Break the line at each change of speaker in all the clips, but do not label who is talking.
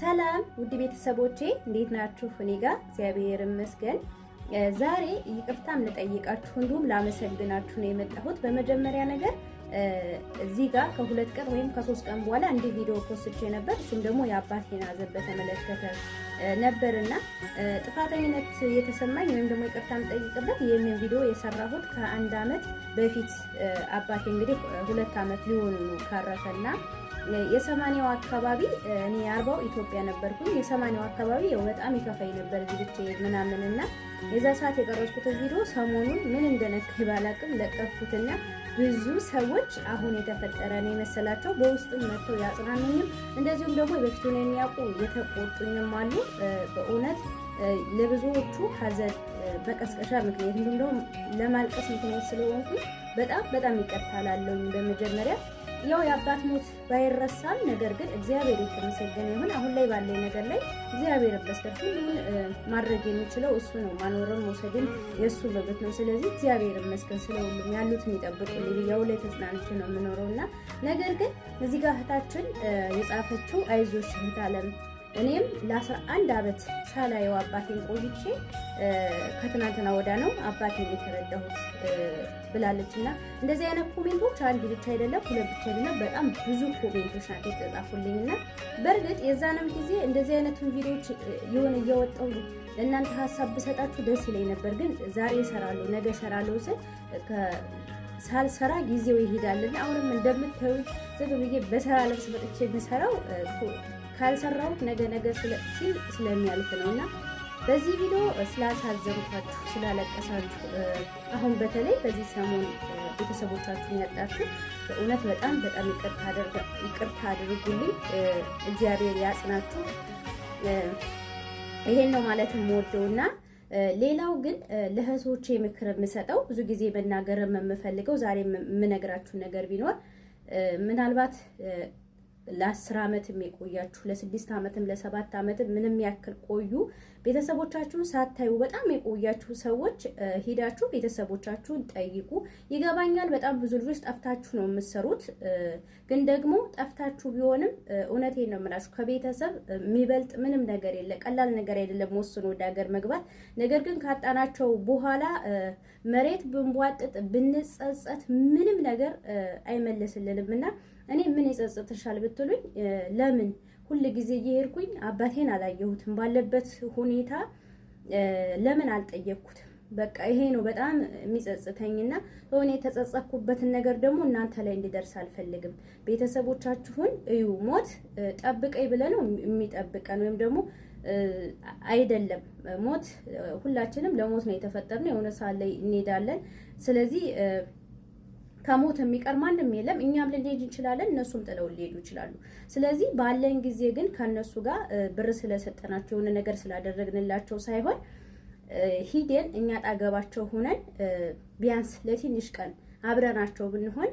ሰላም ውድ ቤተሰቦቼ እንዴት ናችሁ? እኔ ጋር እግዚአብሔር ይመስገን። ዛሬ ይቅርታም ልጠይቃችሁ እንዲሁም ላመሰግናችሁ ነው የመጣሁት። በመጀመሪያ ነገር እዚህ ጋር ከሁለት ቀን ወይም ከሶስት ቀን በኋላ እንዲህ ቪዲዮ ፖስቼ ነበር። እሱም ደግሞ የአባቴን ሐዘን በተመለከተ ነበርና ጥፋተኝነት የተሰማኝ ወይም ደግሞ ይቅርታ የምጠይቅበት ይህንን ቪዲዮ የሰራሁት ከአንድ አመት በፊት አባቴ እንግዲህ ሁለት አመት ሊሆኑ ካረፈና የሰማንያው አካባቢ እኔ አርባው ኢትዮጵያ ነበርኩኝ። የሰማንያው አካባቢ ያው በጣም ይከፋኝ ነበር ዝግቼ ምናምን እና የዛ ሰዓት የቀረጽኩትን ቪዲዮ ሰሞኑን ምን እንደነካ ባላቅም ለቀፍኩትና ብዙ ሰዎች አሁን የተፈጠረ ነው የመሰላቸው በውስጥም መጥተው ያጽናኑኝም፣ እንደዚሁም ደግሞ የበፊቱን የሚያውቁ የተቆጡኝም አሉ። በእውነት ለብዙዎቹ ሀዘን በቀስቀሻ ምክንያት እንዲሁም ደግሞ ለማልቀስ ምክንያት ስለሆንኩኝ በጣም በጣም ይቀርታላለሁኝ በመጀመሪያ ያው የአባት ሞት ባይረሳም ነገር ግን እግዚአብሔር የተመሰገነ ይሁን። አሁን ላይ ባለኝ ነገር ላይ እግዚአብሔር በስተቀር ሁሉን ማድረግ የሚችለው እሱ ነው። ማኖርም መውሰድም የእሱ በበት ነው። ስለዚህ እግዚአብሔር ይመስገን ስለሁሉም ያሉት ያሉትን ይጠብቁልኝ። ላይ ተጽናንቼ ነው የምኖረው እና ነገር ግን እዚህ ጋር እህታችን የጻፈችው አይዞሽ እህት አለም እኔም ለ11 ዓመት ሳላየው አባቴን ቆይቼ ከትናንትና ወዳ ነው አባቴን የተረዳሁት ብላለች። እና እንደዚህ አይነት ኮሜንቶች አንድ ብቻ አይደለም ሁለት ብቻ አይደለም፣ በጣም ብዙ ኮሜንቶች ናቸው የተጻፉልኝ። እና በእርግጥ የዛንም ጊዜ እንደዚህ አይነቱን ቪዲዮዎች የሆነ እየወጣሁ ለእናንተ ሀሳብ ብሰጣችሁ ደስ ይለኝ ነበር። ግን ዛሬ እሰራለሁ ነገ እሰራለሁ ስል ሳልሰራ ጊዜው ይሄዳልና አሁንም እንደምታዩት ዝም ብዬ በሰራ ልብስ መጥቼ የምሰራው ካልሰራሁት ነገ ነገ ሲል ስለሚያልፍ ነው እና በዚህ ቪዲዮ ስላሳዘኑታችሁ ስላለቀሳችሁ፣ አሁን በተለይ በዚህ ሰሞን ቤተሰቦቻችሁን ያጣችሁ በእውነት በጣም በጣም ይቅርታ አድርጉልኝ። እግዚአብሔር ያጽናችሁ። ይሄን ነው ማለት የምወደው እና ሌላው ግን ለእህቶቼ ምክር የምሰጠው ብዙ ጊዜ መናገር የምፈልገው ዛሬ የምነግራችሁ ነገር ቢኖር ምናልባት ለአስር ዓመትም የቆያችሁ ለስድስት ዓመትም ለሰባት ዓመትም ምንም ያክል ቆዩ ቤተሰቦቻችሁን ሳታዩ በጣም የቆያችሁ ሰዎች ሂዳችሁ ቤተሰቦቻችሁን ጠይቁ። ይገባኛል፣ በጣም ብዙ ልጆች ጠፍታችሁ ነው የምትሰሩት። ግን ደግሞ ጠፍታችሁ ቢሆንም እውነቴ ነው የምላችሁ ከቤተሰብ የሚበልጥ ምንም ነገር የለ። ቀላል ነገር አይደለም ወስኖ ወደ ሀገር መግባት። ነገር ግን ካጣናቸው በኋላ መሬት ብንቧጥጥ ብንጸጸት ምንም ነገር አይመለስልንም እና እኔ ምን ይጸጽትሻል ብትሉኝ ለምን ሁል ጊዜ እየሄድኩኝ አባቴን አላየሁትም። ባለበት ሁኔታ ለምን አልጠየቅኩትም? በቃ ይሄ ነው በጣም የሚጸጽተኝና ሆኔ የተጸጸኩበትን ነገር ደግሞ እናንተ ላይ እንዲደርስ አልፈልግም። ቤተሰቦቻችሁን እዩ። ሞት ጠብቀኝ ብለ ነው የሚጠብቀን ወይም ደግሞ አይደለም። ሞት ሁላችንም ለሞት ነው የተፈጠርነው። የሆነ ሰዓት ላይ እንሄዳለን። ስለዚህ ከሞት የሚቀር ማንም የለም። እኛም ልንሄድ እንችላለን፣ እነሱም ጥለው ሊሄዱ ይችላሉ። ስለዚህ ባለን ጊዜ ግን ከእነሱ ጋር ብር ስለሰጠናቸው የሆነ ነገር ስላደረግንላቸው ሳይሆን ሂደን እኛ ጣገባቸው ሆነን ቢያንስ ለትንሽ ቀን አብረናቸው ብንሆን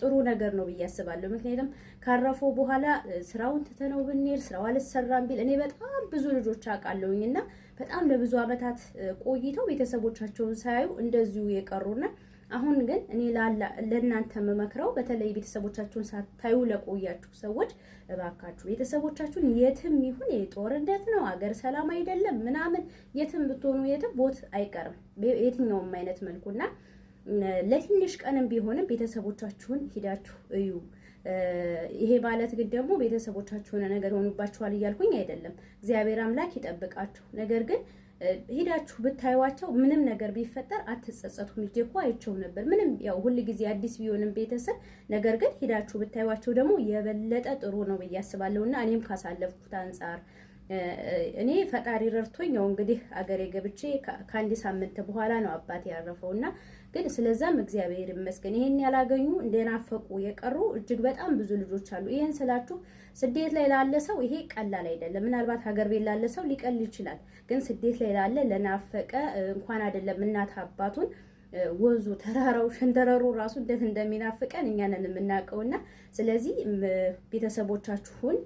ጥሩ ነገር ነው ብዬ አስባለሁ። ምክንያቱም ካረፎ በኋላ ስራውን ትተነው ብንሄድ ስራው አልሰራም ቢል እኔ በጣም ብዙ ልጆች አውቃለሁኝ እና በጣም ለብዙ ዓመታት ቆይተው ቤተሰቦቻቸውን ሳያዩ እንደዚሁ የቀሩና አሁን ግን እኔ ለእናንተ የምመክረው በተለይ ቤተሰቦቻችሁን ሳታዩ ለቆያችሁ ሰዎች እባካችሁ ቤተሰቦቻችሁን የትም ይሁን የጦርነት ነው፣ አገር ሰላም አይደለም ምናምን፣ የትም ብትሆኑ የትም ቦት አይቀርም የትኛውም አይነት መልኩና ለትንሽ ቀንም ቢሆንም ቤተሰቦቻችሁን ሂዳችሁ እዩ። ይሄ ማለት ግን ደግሞ የሆነ ነገር ሆኑባችኋል እያልኩኝ አይደለም። እግዚአብሔር አምላክ ይጠብቃችሁ። ነገር ግን ሄዳችሁ ብታዩዋቸው ምንም ነገር ቢፈጠር አትጸጸቱም። ልጄ እኮ አይቼው ነበር። ምንም ያው ሁል ጊዜ አዲስ ቢሆንም ቤተሰብ ነገር ግን ሄዳችሁ ብታዩዋቸው ደግሞ የበለጠ ጥሩ ነው ብዬ አስባለሁ እና እኔም ካሳለፍኩት አንጻር እኔ ፈጣሪ ረድቶኝ ያው እንግዲህ አገሬ ገብቼ ከአንድ ሳምንት በኋላ ነው አባቴ ያረፈው እና ግን ስለዛም እግዚአብሔር ይመስገን። ይሄን ያላገኙ እንደናፈቁ የቀሩ እጅግ በጣም ብዙ ልጆች አሉ። ይሄን ስላችሁ ስደት ላይ ላለ ሰው ይሄ ቀላል አይደለም። ምናልባት ሀገር ቤት ላለ ሰው ሊቀል ይችላል። ግን ስደት ላይ ላለ ለናፈቀ እንኳን አይደለም እናት አባቱን ወንዙ፣ ተራራው፣ ሸንተረሩ ራሱ እንዴት እንደሚናፍቀን እኛንን የምናውቀውና ስለዚህ ቤተሰቦቻችሁን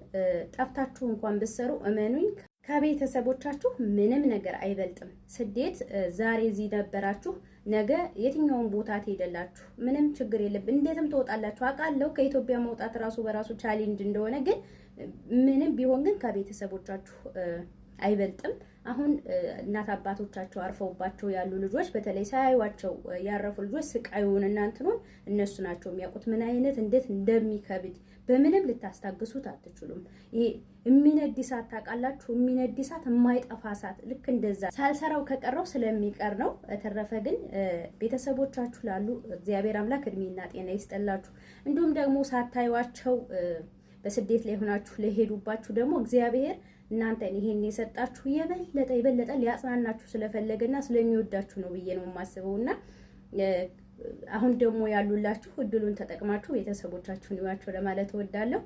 ጠፍታችሁ እንኳን ብትሰሩ እመኑኝ ከቤተሰቦቻችሁ ምንም ነገር አይበልጥም። ስደት ዛሬ እዚህ ነበራችሁ፣ ነገ የትኛውን ቦታ ትሄደላችሁ፣ ምንም ችግር የለም። እንዴትም ትወጣላችሁ አውቃለሁ። ከኢትዮጵያ መውጣት ራሱ በራሱ ቻሌንጅ እንደሆነ ግን ምንም ቢሆን ግን ከቤተሰቦቻችሁ አይበልጥም። አሁን እናት አባቶቻቸው አርፈውባቸው ያሉ ልጆች በተለይ ሳያዩቸው ያረፉ ልጆች ስቃዩን እናንትኑን እነሱ ናቸው የሚያውቁት፣ ምን አይነት እንዴት እንደሚከብድ በምንም ልታስታግሱት አትችሉም። ይሄ የሚነድ እሳት ታውቃላችሁ፣ የሚነድ እሳት የማይጠፋ እሳት። ልክ እንደዛ ሳልሰራው ከቀረው ስለሚቀር ነው። ተረፈ ግን ቤተሰቦቻችሁ ላሉ እግዚአብሔር አምላክ እድሜና ጤና ይስጠላችሁ። እንዲሁም ደግሞ ሳታዩቸው በስደት ላይ ሆናችሁ ለሄዱባችሁ ደግሞ እግዚአብሔር እናንተን ይሄን የሰጣችሁ የበለጠ የበለጠ ሊያጽናናችሁ ስለፈለገና ስለሚወዳችሁ ነው ብዬ ነው የማስበው እና አሁን ደግሞ ያሉላችሁ እድሉን ተጠቅማችሁ ቤተሰቦቻችሁን ይዋቸው ለማለት እወዳለሁ።